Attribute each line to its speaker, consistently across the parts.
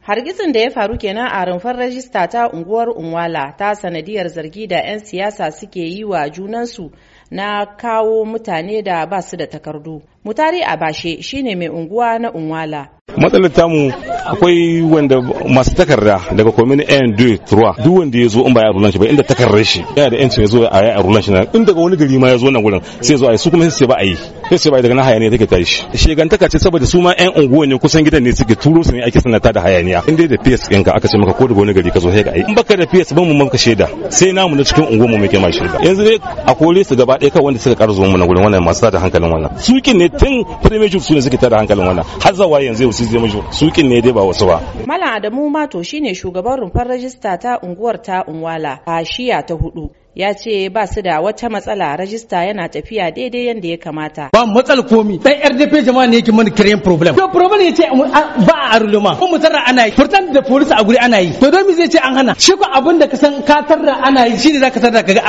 Speaker 1: Hargitsin da ya faru kenan a rumfar rajista ta unguwar Unwala ta sanadiyar zargi da 'yan siyasa suke yi wa junansu na kawo mutane da ba su da takardu. mutari a bashe shine mai unguwa na unwala
Speaker 2: matsalar tamu akwai wanda masu takarda daga komini n du trois duk wanda ya zo in ba ya rulan shi ba inda takarda shi yana da yancin ya zo a ya rulan shi nan in daga wani gari ma ya zo nan gurin sai ya zo a yi su kuma sai ba a yi sai sai ba daga na hayaniya take tashi shi shegantaka ce saboda su ma yan unguwa ne kusan gidan ne suke turo su ne ake sanata da hayaniya in dai da PS ɗinka aka ce maka ko daga wani gari ka zo sai ka yi in baka da PS ban mu maka shaida sai namu na cikin unguwa mu muke ma shaida yanzu dai a kore su gaba ɗaya kawai wanda suka karzo mu na gurin wannan masu tada hankalin wannan sukin ne tun primary su ne suke tada hankalin wannan har zawa yanzu yau sai major sukin ne dai ba wasu ba
Speaker 1: malam adamu mato shine shugaban rumfar rajista ta unguwar ta unwala a shiya ta hudu ya ce ba su da wata matsala rajista yana tafiya daidai yadda ya kamata.
Speaker 3: Ba matsala komi dan RDP jama'a ne yake mana kiran problem. To problem ne ce ba a arluma. ko mu tarra ana yi furtan da police a guri ana yi to don me zai ce an hana shi ko abin da ka san ka tarra ana yi shine zaka tarra kaga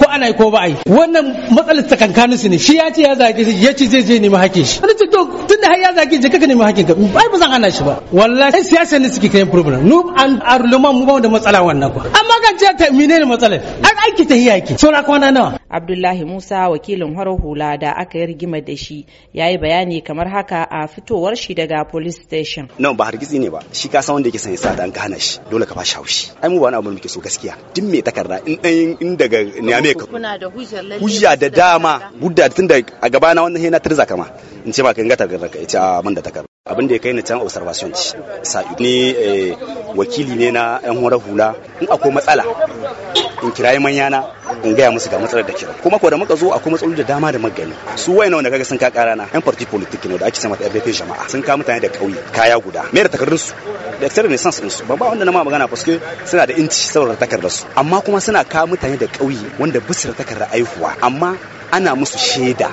Speaker 3: ko ana yi ko ba a yi wannan matsalar ta su ne shi ya ce ya zage shi ya ce zai je nemi hakkin shi. Wani ce to tunda har ya zage je kaka nemi hakkin ka ai ba zan hana shi ba wallahi siyasa ne suke kiran problem nu an arluma mu ba da matsala wannan ko amma kan ce ta menene matsalar an aiki ta yaki saura kwana nawa
Speaker 1: abdullahi musa wakilin harar hula da aka yi rigima da shi ya yi bayani kamar haka a fitowar shi daga police station
Speaker 4: nan ba hargitsi ne ba shi ka san wanda yake sanya ya sa dan gana shi dole ka ba shi haushi ai mu ba wani abu muke so gaskiya duk me takarda in dan in daga niame ka
Speaker 1: kuna da hujjar hujja
Speaker 4: da dama budda tun da a gabana wannan hena tirza kama in ce ba ka ga takarda ka ita a ah, man da takarda abin da ya kai ni can observation ci ni eh, wakili ne na yan hura hula in akwai matsala in kirayi manyana in gaya musu ga matsalar da kira kuma ko da muka zo akwai matsaloli da dama da magani su waye nawa kaga sun ka kara na yan party politik ne da ake sama RDP jama'a sun ka mutane da kauye kaya guda me da takardun su da tsare ne sans su ban ba wanda na ma magana fuske suna da inci saboda takardar su amma kuma suna ka mutane da kauye wanda bisu takardar aihuwa amma ana musu shaida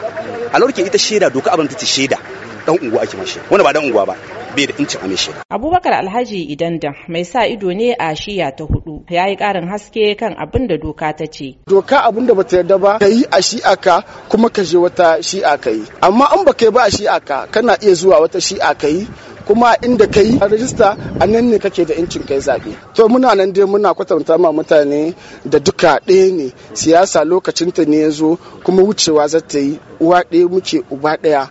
Speaker 4: a lokacin ita shaida doka abin ta ce shaida dan unguwa ake mashi wanda ba dan unguwa ba bai da incin amince
Speaker 1: abubakar alhaji idan da mai sa ido ne a shiya ta hudu ya yi karin haske kan abin da doka ta ce doka abin da bata yarda ba ka
Speaker 4: a shi'a ka kuma ka je wata shi'a kai amma an ba kai ba a shi'a ka kana iya zuwa wata shi'a ka kuma inda ka yi rajista a nan ne kake da incin kai zaɓe to muna nan dai muna kwatanta ma mutane da duka ɗaya ne siyasa lokacinta ne ya zo kuma wucewa za ta yi uwa ɗaya muke uba ɗaya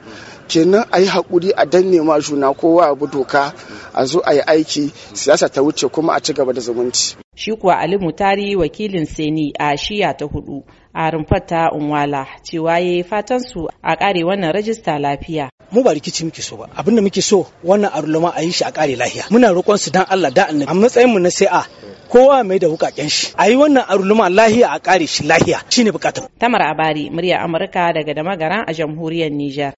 Speaker 4: kenan a yi haƙuri a danne ma juna kowa abu doka a zo a yi aiki siyasa ta wuce kuma a ci gaba da zumunci.
Speaker 1: Shi kuwa Ali Mutari wakilin Seni a shiya ta hudu a rumfar ta Unwala cewa ya yi fatan su a kare wannan rajista lafiya. Mu ba rikici muke so ba abin da muke so wannan arulama a yi shi a kare lafiya.
Speaker 3: Muna roƙon su dan Allah da annabi a matsayin mu na sai a kowa mai da wukaken shi a yi wannan arulama lahiya a kare shi lahiya shine bukatar.
Speaker 1: Tamar Abari murya Amurka daga dama garan a jamhuriyar Nijar.